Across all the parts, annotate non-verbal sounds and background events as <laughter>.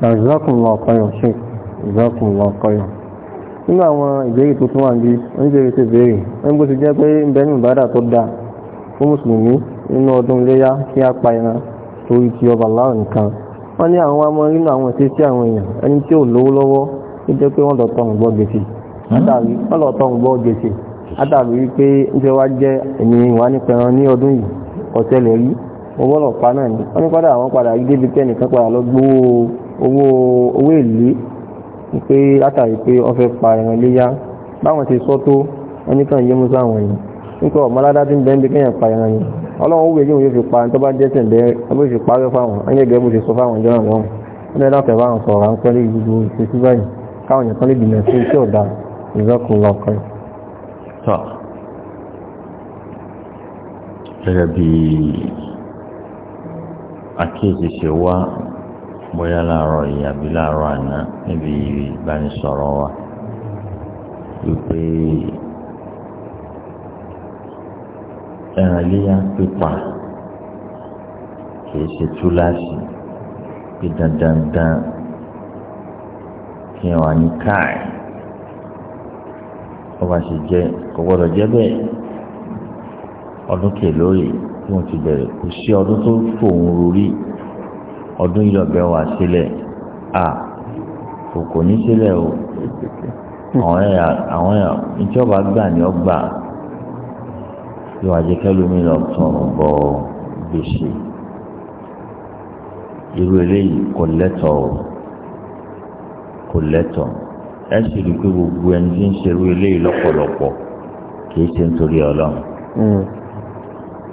jazakumullah khairan ṣe jazakumullah khairan nínú àwọn ìbéèrè tó tún wà ní oníbèrè tó béèrè wọn bó ti jẹ́ pé ń bẹ ní dáa fún mùsùlùmí nínú ọdún kí pa ti oba láwọn nkan ní amọ nínú àwọn ìṣe sí àwọn èèyàn ẹni tí ò lówó lọ́wọ́ tó jẹ́ pé wọ́n lọ tọrùn gbọ́ gbèsè wọ́n lọ tọrùn gbọ́ gbèsè níṣẹ́ wá jẹ́ ní ọdún yìí lọ pa náà ni wọ́n ní padà àwọn padà débi pé ẹnìkan lọ owó owó èlé pé látàrí pé wọ́n fẹ́ pa ẹran iléyá báwọn ti sọ tó wọ́n ní kàn yé mú sáwọn yìí nípa ọ̀mọ́ládá tí ń bẹ́ẹ̀ ń bí kéèyàn pa ẹran yìí ọlọ́run ó wèé yóò fi pa tó bá jẹ́sẹ̀ bẹ́ẹ̀ ó fi parẹ́ fáwọn ẹni ẹgbẹ́ bó ṣe sọ fáwọn ìjọba wọn ní ẹ̀dá fẹ́ báwọn sọ̀rọ̀ ráńpẹ́ lé gbogbo ìṣesí báyìí káwọn èèyàn kan lè dìnà sí iṣẹ́ ọ̀dà ìzọ́kùn lọ́kọ̀ gẹ́gẹ́ bí àkíyèsí ṣe wá bóyá láàárọ̀ yìí àbí láàárọ̀ àná níbi ìbánisọ̀rọ̀ wa wípé ẹran iléyà pípa kìí ṣe túláàsì pé dandandan kí wà ní káì ó bá ṣe jẹ kò gbọdọ̀ jẹ́ bẹ́ẹ̀ ọdún kèlórí tí wọ́n ti bẹ̀rẹ̀ kò sí ọdún tó fòun rú rí ọdún yìí lọ́bẹ̀ wà sílẹ̀ à kò kò ní sílẹ̀ o àwọn ẹ̀yà àwọn ẹ̀yà ìjọba gbà ní ọgbà yóò wá jẹ́ kẹ́lómi lọ tọrọ bọ gbèsè irú eléyìí kò lẹ́tọ̀ o kò lẹ́tọ̀ ẹ sì rí i pé gbogbo ẹni tí ń ṣe irú eléyìí lọ́pọ̀lọpọ̀ kì í ṣe nítorí ọlọ́run mm.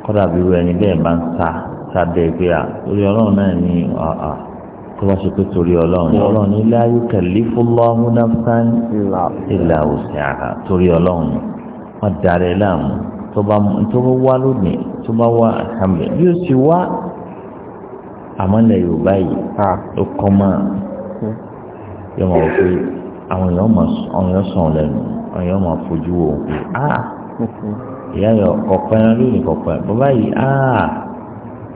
kọ́dà bí irú ẹni bẹ́ẹ̀ máa ń sá ká bẹ́ẹ̀ pé à torí ọlọ́run náà ní àà tó bá ṣe pé torí ọlọ́run ní ọlọ́run ní la yukallifullahu nafsan illa wus'aha torí ọlọ́run wọn darí láàmú tó bá wá lónìí tó bá wá àtàmì bí ó sì wá àmọ́ ilẹ̀ yorùbá yìí ó kọ́ máa yọ máa wọ àwọn èèyàn máa àwọn lẹ́nu àwọn èèyàn máa fojú wo pé ah <laughs> ìyá yọ kọ̀ọ̀kan lónìí kọ̀ọ̀kan bàbá yìí ah.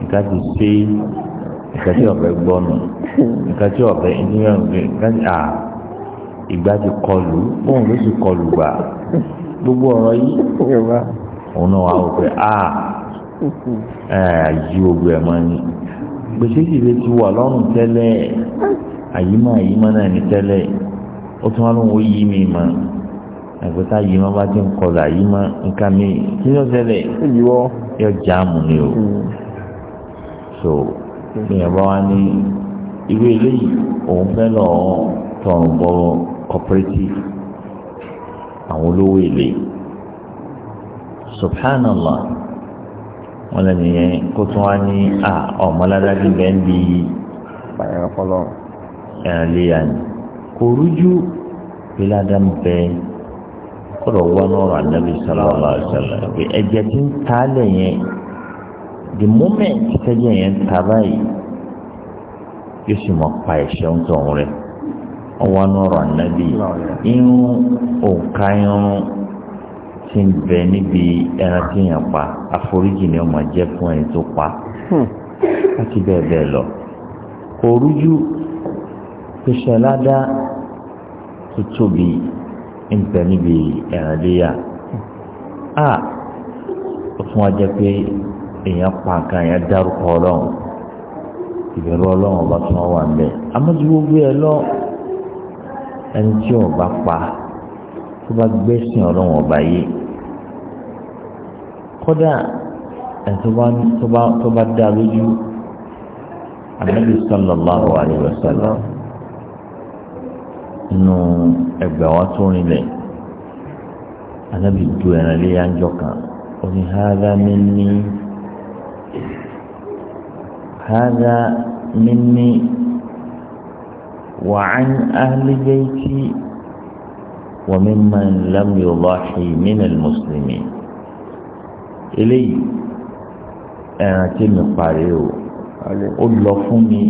nka ti ṣe nǹkan tí nka gbọ́nù nǹkan tí ọ̀fẹ́ nka tí a ìgbà ti kọlù bóun ló sì kọlù gbà gbogbo ọrọ yìí òun náà wà wọ́pẹ́ à àyí gbogbo ẹ̀ máa gbèsè sì lè ti wà lọ́rùn tẹ́lẹ̀ ayi àyímọ̀ náà ní tẹ́lẹ̀ ó tún wá lóun ó mi mọ́ àgbẹ̀tà yìí máa bá ti ń so ìyẹn bá wá ní irú eléyìí òun fẹ́ lọ tọrùn bọ cooperative àwọn olówó èlé subhanallah wọn lẹnu yẹn kó tún wá ní à ọmọládájú bẹ́ẹ̀ ń bi ẹ̀rẹ́lẹ́yà ni kò rújú bíládàm bẹ́ẹ̀ kọ́dọ̀ wọ́n náà rà nàbì sallallahu alaihi wasallam ẹ̀jẹ̀ tí ń ta lẹ̀ yẹn the moment tẹ́jẹ̀ yẹn ta báyìí yóò sì mọ̀ pa ẹ̀ṣẹ̀ ń tọ̀ rẹ̀ ọwọ́ náà rọ̀ ànábì irun òǹkà irun ti ń bẹ níbi ẹran tí yẹn pa àforíjì ni ọmọ jẹ́ fún ẹni tó pa láti hmm. bẹ́ẹ̀ bẹ́ẹ̀ lọ kò rújú pèsè ládàá tó tóbi ń níbi ẹran léyà hmm. a ah, ó tún wá jẹ́ pé èèyàn pa nǹkan yẹn dárúkọ ọlọ́run ìbẹ̀rù ọlọ́run ọba tí wọ́n wà ń bẹ̀. amójú gbogbo ẹ lọ ẹni tí wọn bá pa tó bá gbẹ́sìn ọlọ́run ọba yìí kódà ẹni tó bá dá lójú anabi sallallahu alayhi wa sallam nù ẹgbẹ́ wa tó rinlẹ̀ anabi du ẹran lé yánjọ kan oní mi ní. هذا مني وعن أهل بيتي وممن لم يضحي من المسلمين إلي أنا تم قارئ أدل فمي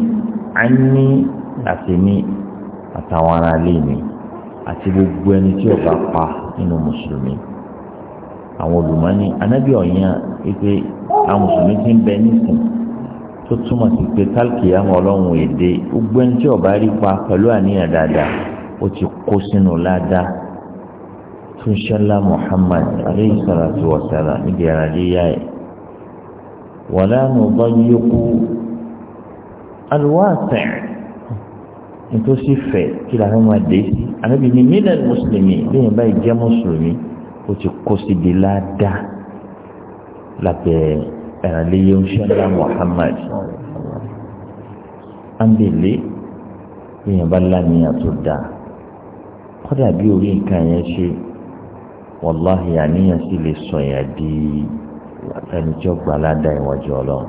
عني أتمي أتوانا ليني àti gbogbo ẹni tí ọba pa nínú mùsùlùmí àwọn olùmọ́ni anábìọ̀yàn wípé àwọn mùsùlùmí ti ń bẹ nísìnyí tó túmọ̀ sí pé kálkìyàmọ̀ ọlọ́run èdè gbogbo ẹni tí ọba rí pa pẹ̀lú àníyàn dáadáa ó ti kó sínú ládàá tún ṣẹlá Muhammad aleyhi salatu wa salam níbi ara líyá ẹ̀ wàlá nù bá yíkú alwáṣẹ̀ nítòsí fẹ̀ kí la fẹ́ máa dé sí àbẹ̀bí ni mílẹ̀ mùsùlùmí lẹ́yìn báyìí jẹ́ mùsùlùmí ó ti kó síbi ládàá lábẹ́ ẹ̀ àlàyé oṣooṣà Muhammad ambele èèyàn bá lánìyàn tó dáa kódà bí orí nǹkan yẹn ṣe wàláhì àníyàn sì lè sọ yẹn di ẹni tí ó gbà ládàá ìwájú Ọlọ́run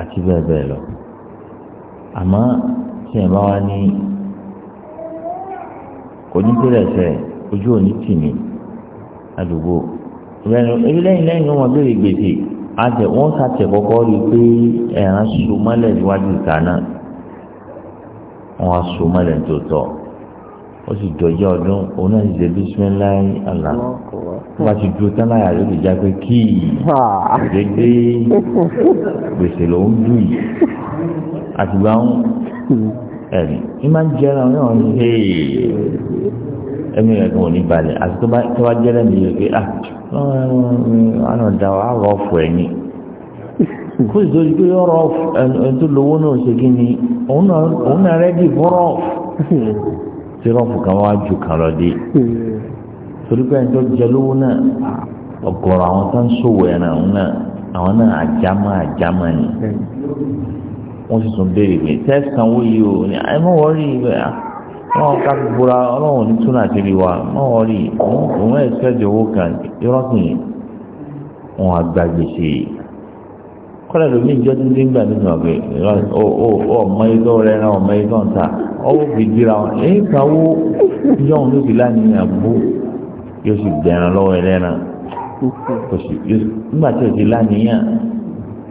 àti bẹ́ẹ̀ bẹ́ẹ̀ lọ àmọ́ tí ẹ̀ bá wá ní kò ní pẹ́rẹ́sẹ̀ ojú òní tì mí àdúgbò ìrẹ̀lẹ̀ ebi lẹ́yìn lẹ́yìn wọn béèrè gbèsè àtẹ wọn sàtẹ kọ́kọ́ rí i pé ẹran so mọ́lẹ̀ níwájú ìta náà wọn so mọ́lẹ̀ tó tọ́ ó sì jọjọ́ ọdún òun náà ṣe bisimilayi ala wọn ti dúró tán láyà ló lè já pé kíì dédé gbèsè ló ń dùn yìí àtìgbà ń ẹ̀rí ní máa ń jẹ́ra wọn náà ń ṣe é ẹ̀mí rẹ̀ kò ní balẹ̀ àti tó bá tó bá jẹ́ lẹ́nu yìí pé ah ọ̀nà da wa rọ̀ ọ̀fọ̀ ẹ̀yìn kó sì tóbi pé ọ̀rọ̀ ẹ̀tún lówó náà ṣe kí ni òun náà rẹ́dì fọ́rọ̀ tí rọ́ọ̀fù kan wá ju kan lọ dé torí pé ẹni tó jẹ lówó náà ọ̀gọ̀rọ̀ àwọn tó ń ṣòwò ẹ̀ràn àwọn náà àwọn náà àjámọ́ àjámọ́ ni wọ́n sì tún béèrè pé tẹ́sán wo yìí o ẹ mọ̀ wọ́n rí i bẹ́ẹ̀ wọn ká gbogbo ọlọ́run ní túnà tí rí wa wọ́n rí òun ẹ̀sẹ̀jọ owó kan ìrọ́sìn wọn àgbàgbèsè kọ́lẹ̀ lómi ìjọ tí ń gbà nínú ọ̀gbẹ́ ọmọ ẹgbẹ́ rẹ̀ náà ọmọ ẹgbẹ́ ọ̀ta ọwọ́ fi gbéra wọn èyí kàwó ìjọ òun ló fi láàyè àbú yóò sì gbẹ̀ràn lọ́wọ́ ẹlẹ́ran kò sì nígbà tí o ti láàyè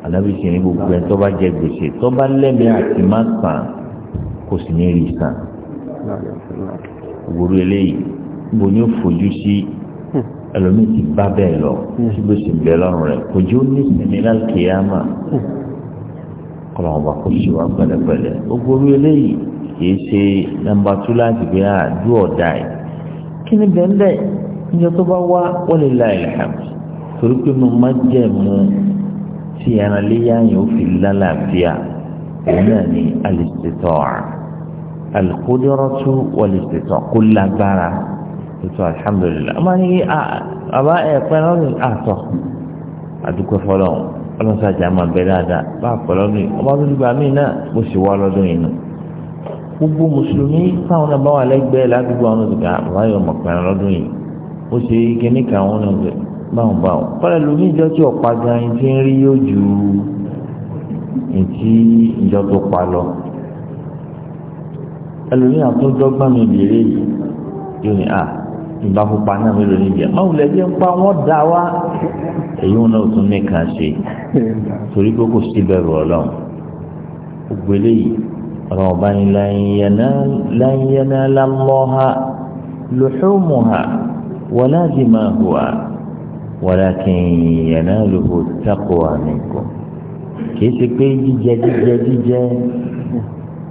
ànábì sì ní gbogbo ẹ̀ tó bá jẹ gbèsè tó bá lẹ́mìí àti má sàn kò sì ní rí sàn òwúrò eléyìí bó ní fojú sí ẹlòmíì ti bá bẹ́ẹ̀ lọ hmm. tí bó sì bẹ́ẹ̀ lọ́rùn rẹ̀ kò jẹ́ ó ní sinmi lálùkìyàmà hmm. kọ́lá wọn bá kó sí wa pẹ̀lẹ́pẹ̀lẹ́ òwúrò eléyìí kìí ṣe nàmbà tú láti gbé àdú ọ̀dà ẹ̀ kí ni bẹ́ẹ̀ bẹ́ẹ̀ níjọ tó bá wá wọlé láìláhàmù torí pé mo máa jẹ́ mu tí ẹran léyà yẹn ó fi lálàáfíà òun náà ní alìsítọ́ọ̀rù alikodorotu wọlẹsẹtọ kó lágbára ètò alihamudulilayi ọmọ ní àbá ẹ pẹlú ọdún àtọ àdúgbò fọlọ ọlọsàjà máa bẹ dáadáa bá pẹlú ọdún ọmọ tó dùgbà mí náà bó sì wá lọdún yìí nù gbogbo mùsùlùmí táwọn náà bá wà lẹ́gbẹ̀ẹ́ ládùúgbò àwọn ọdún kan àbá yọ ọmọ pẹlú ọdún yìí ó ṣe ike níkà àwọn ọdún báwọn báwọn kọlẹ lómi ìjọ tí ọ̀pá gan-an ti ń rí yóò ju ìtì ìjọ tó pa lọ ẹlòmíà tó dọ́gbọ́n mi bèrè yìí yóò ní à ìbá pupa náà mi lónìí bìà máa wùlẹ̀ jẹ́ ń pa wọ́n dá wa èyí wọn náà tún nìkan ṣe torí pé kò sí bẹ̀rù ọlọ́run gbogbo eléyìí ọ̀rọ̀ ọba ni láyẹ̀nà lámọ́ha lùhùmùhà wọlá dìmáhùhà walakin yanaluhu taqwa minkum kì í ṣe pé jíjẹ jíjẹ jíjẹ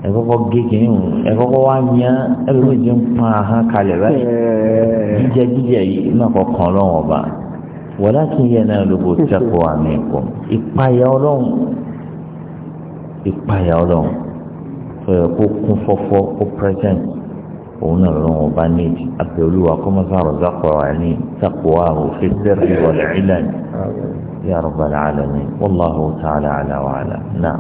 ẹ̀kọ́kọ́ gègé ń ẹ̀kọ́kọ́ wá nyá ẹlòmíì ti ń pa ahán kalẹ̀ báyìí jíjẹ jíjẹ yìí má kọ̀ọ̀kan lọ́wọ́ ọba wọ́lá kì í yẹ náà lóko tẹ́kọ̀ àmì kọ́ ìpayà ọlọ́run ìpayà ọlọ́run fẹ́rẹ̀ kó kún fọ́fọ́ kó present òun náà lọ́wọ́ ọba níbi abẹ́ olúwa kọ́ mọ́sá rọ̀zá kọ̀ọ̀rọ̀ àní tẹ́kọ̀ àrò ìlànà yàrá balẹ̀ àlẹ́ ni wọ́n lọ́wọ́ tààlà àlà náà.